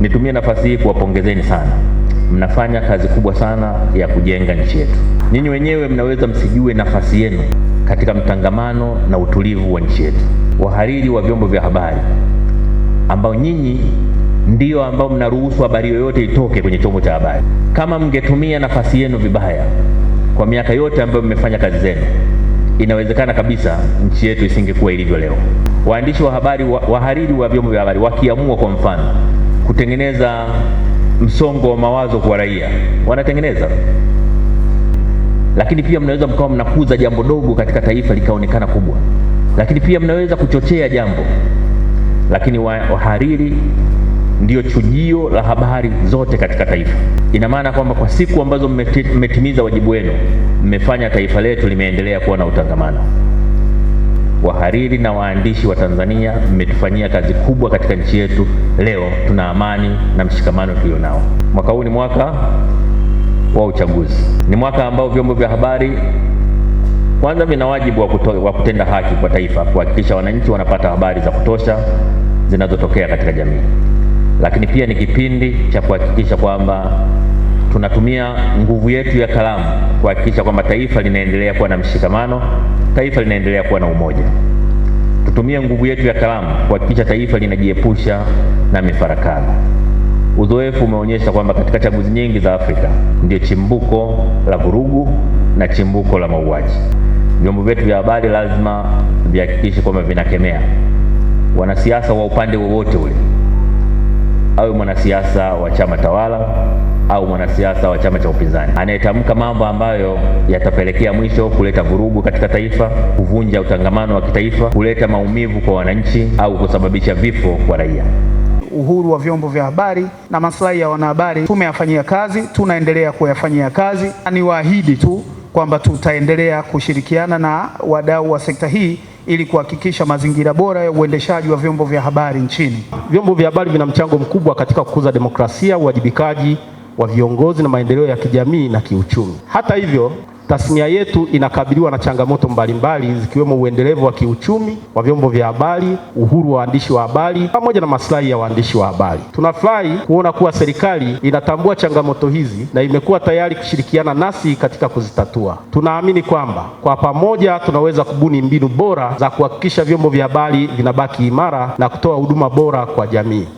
Nitumie nafasi hii kuwapongezeni sana, mnafanya kazi kubwa sana ya kujenga nchi yetu. Nyinyi wenyewe mnaweza msijue nafasi yenu katika mtangamano na utulivu wa nchi yetu. Wahariri wa vyombo vya habari ambao nyinyi ndio ambao mnaruhusu habari yoyote itoke kwenye chombo cha habari, kama mngetumia nafasi yenu vibaya kwa miaka yote ambayo mmefanya kazi zenu, inawezekana kabisa nchi yetu isingekuwa ilivyo leo. Waandishi wa habari, wahariri wa vyombo vya habari wakiamua, kwa mfano kutengeneza msongo wa mawazo kwa raia, wanatengeneza. Lakini pia mnaweza mkawa mnakuza jambo dogo katika taifa likaonekana kubwa, lakini pia mnaweza kuchochea jambo. Lakini wahariri ndio chujio la habari zote katika taifa. Ina maana kwamba kwa siku ambazo mmetimiza wajibu wenu, mmefanya taifa letu limeendelea kuwa na utangamano wahariri na waandishi wa Tanzania, mmetufanyia kazi kubwa katika nchi yetu. Leo tuna amani na mshikamano tulionao. Mwaka huu ni mwaka wa uchaguzi, ni mwaka ambao vyombo vya habari kwanza vina wajibu wa, wa kutenda haki kwa taifa, kuhakikisha wananchi wanapata habari za kutosha zinazotokea katika jamii, lakini pia ni kipindi cha kuhakikisha kwamba tunatumia nguvu yetu ya kalamu kuhakikisha kwamba taifa linaendelea kuwa na mshikamano, taifa linaendelea kuwa na umoja. Tutumie nguvu yetu ya kalamu kuhakikisha taifa linajiepusha na mifarakano. Uzoefu umeonyesha kwamba katika chaguzi nyingi za Afrika ndio chimbuko la vurugu na chimbuko la mauaji. Vyombo vyetu vya habari lazima vihakikishe kwamba vinakemea wanasiasa wa upande wowote ule awe mwanasiasa wa chama tawala au mwanasiasa wa chama cha upinzani anayetamka mambo ambayo yatapelekea mwisho kuleta vurugu katika taifa, kuvunja utangamano wa kitaifa, kuleta maumivu kwa wananchi au kusababisha vifo kwa raia. Uhuru wa vyombo vya habari na maslahi ya wanahabari tumeyafanyia kazi, tunaendelea kuyafanyia kazi. Niwaahidi tu kwamba tutaendelea kushirikiana na wadau wa sekta hii ili kuhakikisha mazingira bora ya uendeshaji wa vyombo vya habari nchini. Vyombo vya habari vina mchango mkubwa katika kukuza demokrasia, uwajibikaji wa viongozi na maendeleo ya kijamii na kiuchumi. Hata hivyo Tasnia yetu inakabiliwa na changamoto mbalimbali zikiwemo uendelevu wa kiuchumi wa vyombo vya habari, uhuru wa waandishi wa habari pamoja na maslahi ya waandishi wa habari. Tunafurahi kuona kuwa serikali inatambua changamoto hizi na imekuwa tayari kushirikiana nasi katika kuzitatua. Tunaamini kwamba kwa pamoja tunaweza kubuni mbinu bora za kuhakikisha vyombo vya habari vinabaki imara na kutoa huduma bora kwa jamii.